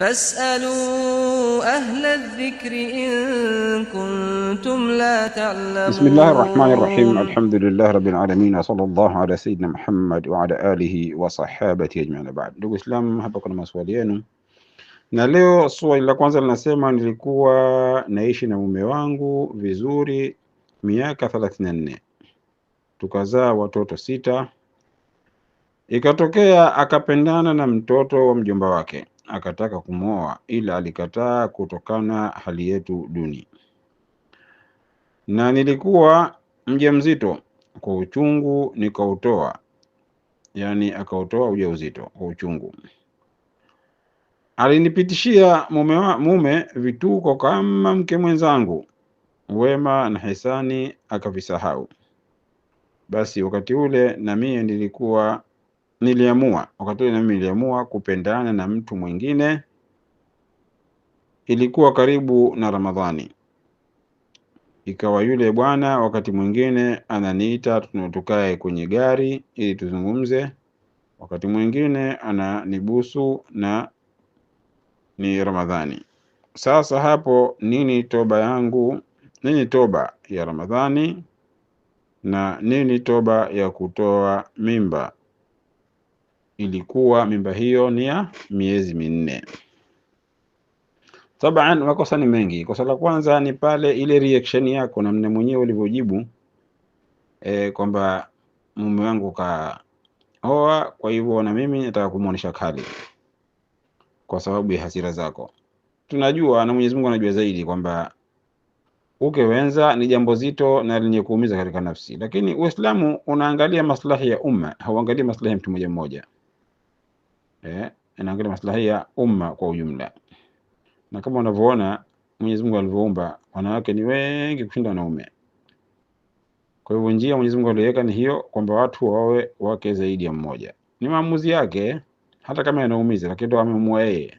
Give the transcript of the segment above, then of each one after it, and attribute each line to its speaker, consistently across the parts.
Speaker 1: فاسألوا أهل الذكر إن كنتم لا تعلمون
Speaker 2: بسم الله الرحمن الرحيم الحمد لله رب العالمين صلى الله على سيدنا محمد وعلى آله وصحابته أجمعين بعد ndugu Islam hapa kuna maswali yenu na leo swali la kwanza linasema nilikuwa naishi na mume wangu vizuri miaka 34 tukazaa watoto sita ikatokea akapendana na mtoto wa mjomba wake akataka kumwoa, ila alikataa kutokana hali yetu duni, na nilikuwa mjamzito. Kwa uchungu nikautoa, yani akautoa ujauzito kwa uchungu. Alinipitishia mume, wa, mume vituko kama mke mwenzangu, wema na hisani akavisahau. Basi wakati ule na mie nilikuwa niliamua wakati na mimi niliamua kupendana na mtu mwingine. Ilikuwa karibu na Ramadhani, ikawa yule bwana wakati mwingine ananiita tunaotukae kwenye gari ili tuzungumze, wakati mwingine ananibusu na ni Ramadhani. Sasa hapo nini toba yangu? Nini toba ya Ramadhani na nini toba ya kutoa mimba? ilikuwa mimba hiyo ni ya miezi minne. Taban, makosa ni mengi. Kosa la kwanza ni pale ile reaction yako namna mwenyewe ulivyojibu e, kwamba mume wangu kaoa, kwa hivyo na mimi nataka kumwonesha kali kwa sababu ya hasira zako. Tunajua na Mwenyezi Mungu anajua zaidi kwamba uke wenza ni jambo zito na lenye kuumiza katika nafsi, lakini Uislamu unaangalia maslahi ya umma, hauangalii maslahi ya mtu mmoja mmoja eh, inaangalia maslahi ya umma kwa ujumla. Na kama unavyoona Mwenyezi Mungu alivyoumba wanawake ni wengi kushinda wanaume. Kwa hivyo njia Mwenyezi Mungu aliweka ni hiyo kwamba watu wawe wake zaidi ya mmoja. Ni maamuzi yake hata kama yanaumiza, lakini ndo ameamua yeye.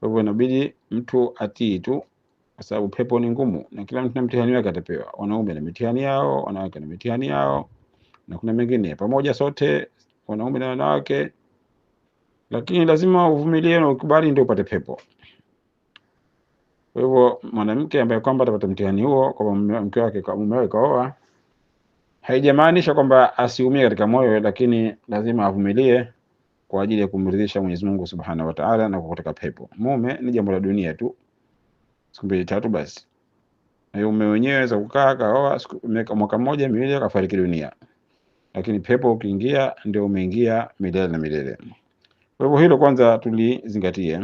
Speaker 2: Kwa hivyo inabidi mtu atii tu, kwa sababu pepo ni ngumu na kila mtu na mtihani wake atapewa. Wanaume na mitihani yao, wanawake na mitihani yao, na kuna mengine pamoja, sote wanaume na wanawake lakini lazima uvumilie na ukubali, ndio upate pepo. Kwa hivyo mwanamke ambaye kwamba atapata mtihani huo kwa mke wake, kwa mume wake kaoa, haijamaanisha kwamba asiumie katika moyo, lakini lazima avumilie kwa ajili ya kumridhisha Mwenyezi Mungu Subhanahu wa Ta'ala na kukutaka pepo. Mume ni jambo la dunia tu, siku mbili tatu basi. Na mume wenyewe anaweza kukaa kaoa mwaka mmoja miwili, akafariki dunia, lakini pepo ukiingia, ndio umeingia milele na milele. Kwa hivyo hilo kwanza tulizingatie.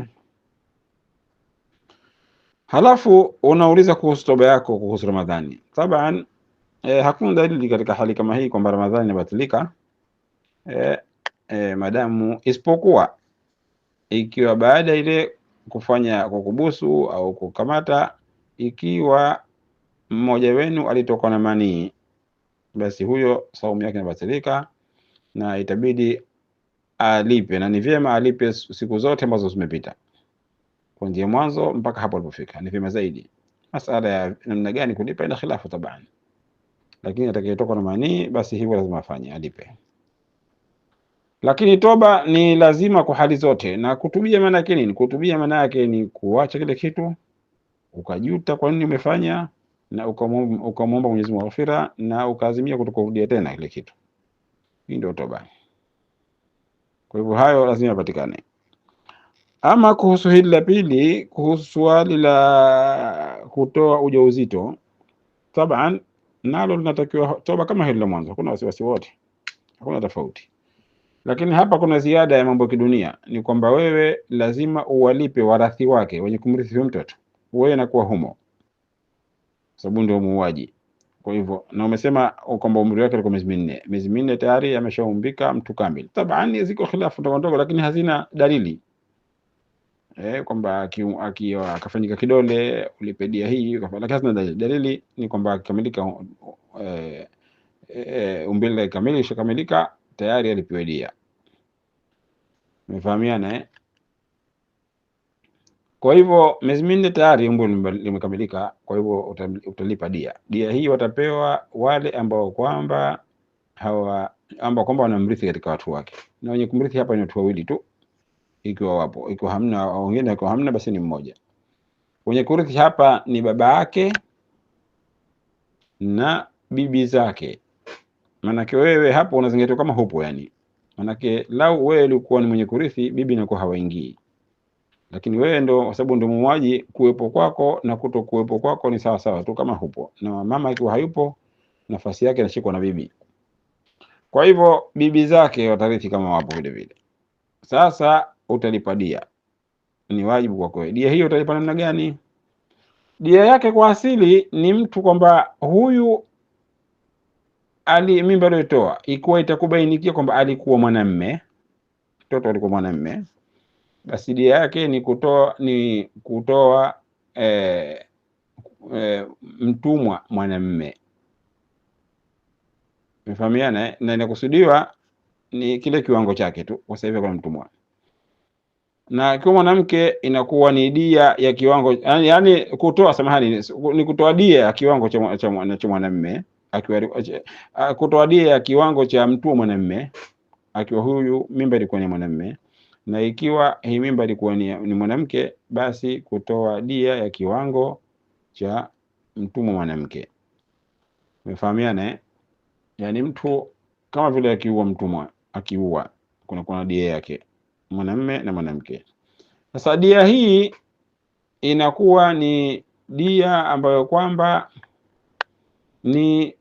Speaker 2: Halafu unauliza kuhusu toba yako kuhusu Ramadhani. Taban e, hakuna dalili katika hali kama hii kwamba Ramadhani inabatilika eh, eh, madamu isipokuwa ikiwa baada ile kufanya kwa kubusu au kukamata, ikiwa mmoja wenu alitokwa na manii, basi huyo saumu yake inabatilika na itabidi alipe, na ni vyema alipe siku zote ambazo zimepita kuanzia mwanzo mpaka hapo alipofika, ni vyema zaidi. Masala ya namna gani kulipa ina khilafu tabani, lakini atakayetoka na manii basi hivyo lazima afanye alipe. Lakini toba ni lazima kwa hali zote. Na kutubia maana yake nini? Kutubia maana yake ni kuacha kile kitu ukajuta kwa nini umefanya, na ukamwomba Mwenyezi Mungu aghfira, na ukaazimia kutokurudia tena kile kitu. Hii ndio toba. Kwa hivyo hayo lazima yapatikane. Ama kuhusu hili la pili, kuhusu swali la kutoa ujauzito, taban nalo linatakiwa toba kama hili la mwanzo, hakuna wasiwasi wote, hakuna tofauti. Lakini hapa kuna ziada ya mambo ya kidunia, ni kwamba wewe lazima uwalipe warathi wake wenye kumrithi mtoto, wewe inakuwa humo, sababu ndio muuaji kwa hivyo na umesema kwamba umri wake alikuwa miezi minne, miezi minne tayari ameshaumbika mtu kamili. Tabani ziko khilafu ndogo ndogo, lakini hazina dalili eh, kwamba akiwa akafanyika kidole ulipedia hii, lakini hazina dalili. Dalili ni kwamba akikamilika eh, eh, umbile kamili ishakamilika tayari alipedia. Umefahamiana eh? Kwa hivyo miezi minne tayari umbo limekamilika, kwa hivyo utalipa dia. Dia hii watapewa wale ambao kwamba hawa ambao kwamba wanamrithi katika watu wake, na wenye kumrithi hapa ni watu wawili tu, ikiwa wapo, ikiwa hamna wengine, ikiwa hamna basi ni mmoja. Wenye kurithi hapa ni baba yake na bibi zake. Manake wewe hapo unazingatia kama hupo, yani manake lau wewe ulikuwa ni mwenye kurithi, bibi nakuwa hawaingii lakini wewe ndo, kwa sababu ndo muuaji, kuwepo kwako na kuto kuwepo kwako ni sawa sawa tu kama hupo, na mama ikiwa hayupo nafasi yake inashikwa na bibi. Kwa hivyo bibi zake watarithi kama wapo vile vile. Sasa utalipa dia, ni wajibu kwako wewe. Dia hiyo utalipa namna gani? Dia yake kwa asili ni mtu kwamba huyu ali mimba aliyotoa, ikiwa itakubainikia kwamba alikuwa mwanamme, mtoto alikuwa mwanamme kasidi yake ni kutoa ni kutoa e, e, mtumwa mwanamme mfahamiana, na inakusudiwa ni kile kiwango chake tu kwa sasa hivi kuna mtumwa, na kwa mwanamke inakuwa ni dia ya kiwango yani, yani kutoa samahani, ni kutoa dia ya kiwango cha cha mwanamme kutoa dia ya kiwango cha mtu mwanamme, akiwa huyu mimba ilikuwa ni mwanamme na ikiwa hii mimba ilikuwa ni, ni mwanamke basi kutoa dia ya kiwango cha mtumwa mwanamke. Umefahamiana eh? Yani mtu kama vile akiua mtumwa, akiua kuna kuna dia yake mwanamme na mwanamke. Sasa dia hii inakuwa ni dia ambayo kwamba ni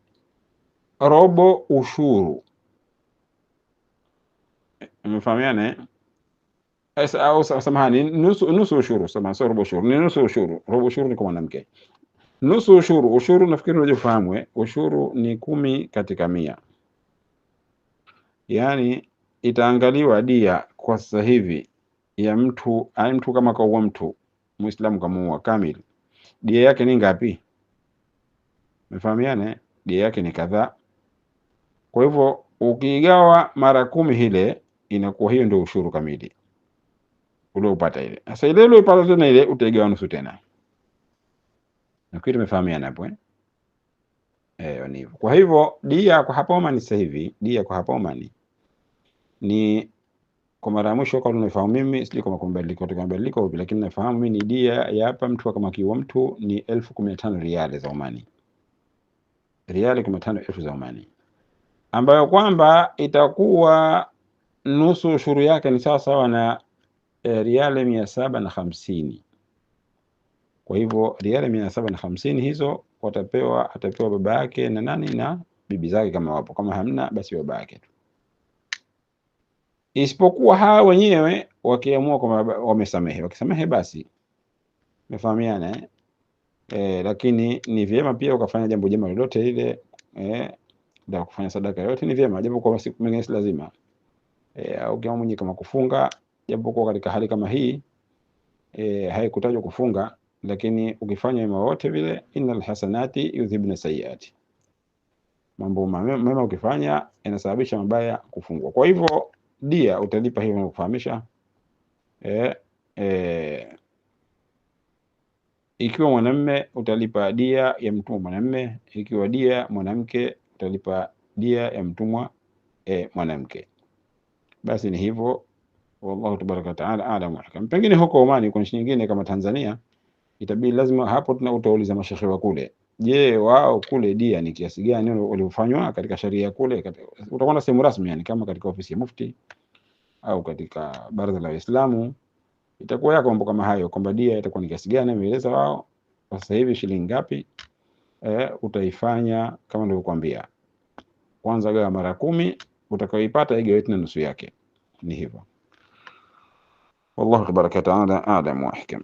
Speaker 2: robo ushuru. Umefahamiana eh? au samahani, nusu nusu ushuru, samahani, sio robo ushuru, ni nusu ushuru. Robo ushuru ni kwa mwanamke, nusu ushuru. Ushuru nafikiri unajua fahamu, eh, ushuru ni kumi katika mia, yaani itaangaliwa dia kwa sasa hivi ya mtu ai, yaani mtu kama kaua mtu Muislamu kamuua kamili, dia yake ni ngapi? Mefahamiane, dia yake ni kadhaa. Kwa hivyo ukiigawa mara kumi, hile inakuwa hiyo ndio ushuru kamili uliopata ile. Sasa ile uliopata tena ile utaigawa nusu tena. Na kitu tumefahamiana hapo eh? Eh, ni hivyo. Kwa hivyo dia kwa hapo Omani sasa hivi, dia kwa hapo Omani ni kwa mara ya mwisho kwa unafahamu mimi sijui kama kumbadiliko kutoka mabadiliko vipi, lakini nafahamu mimi ni dia ya hapa mtu kama kiwa mtu ni elfu kumi na tano riali za Omani, riali kumi na tano elfu za Omani, ambayo kwamba itakuwa nusu ushuru yake ni sawa sawa na e, eh, riale mia saba na hamsini. Kwa hivyo riale mia saba na hamsini hizo watapewa, atapewa baba yake na nani na bibi zake, kama wapo. Kama hamna basi baba yake tu, isipokuwa hawa wenyewe wakiamua kwamba wamesamehe, wakisamehe basi mefahamiana eh? Eh, lakini ni vyema pia ukafanya jambo jema lolote lile eh, la kufanya sadaka yote ni vyema, japo kwa siku mengine si lazima eh, au kama mwenye kama kufunga japokuwa katika hali kama hii e, haikutajwa kufunga, lakini ukifanya mema wote vile, innal hasanati yudhibna sayiati, mambo mema ukifanya yanasababisha mabaya kufungwa. Kwa hivyo dia utalipa hivyo nakufahamisha. E, e, ikiwa mwanamme utalipa dia ya mtumwa mwanamme, ikiwa dia mwanamke utalipa dia ya mtumwa e, mwanamke. Basi ni hivyo wallahu tabaraka wataala alam ahkam. Pengine huko Omani kwa nchi nyingine kama Tanzania itabidi lazima hapo tuna utauliza mashehe wa kule, je, wao kule dia ni kiasi gani waliofanywa katika sharia kule utakwenda sehemu rasmi yani kama katika ofisi ya mufti au katika baraza la Waislamu itakuwa yako mambo kama hayo, kwamba dia itakuwa ni kiasi gani ameeleza wao kwa sasa hivi shilingi ngapi. E, utaifanya kama nilivyokuambia, kwanza gawa mara kumi, utakayoipata igawe na nusu yake, ni hivyo. والله تبارك وتعالى أعلم وأحكم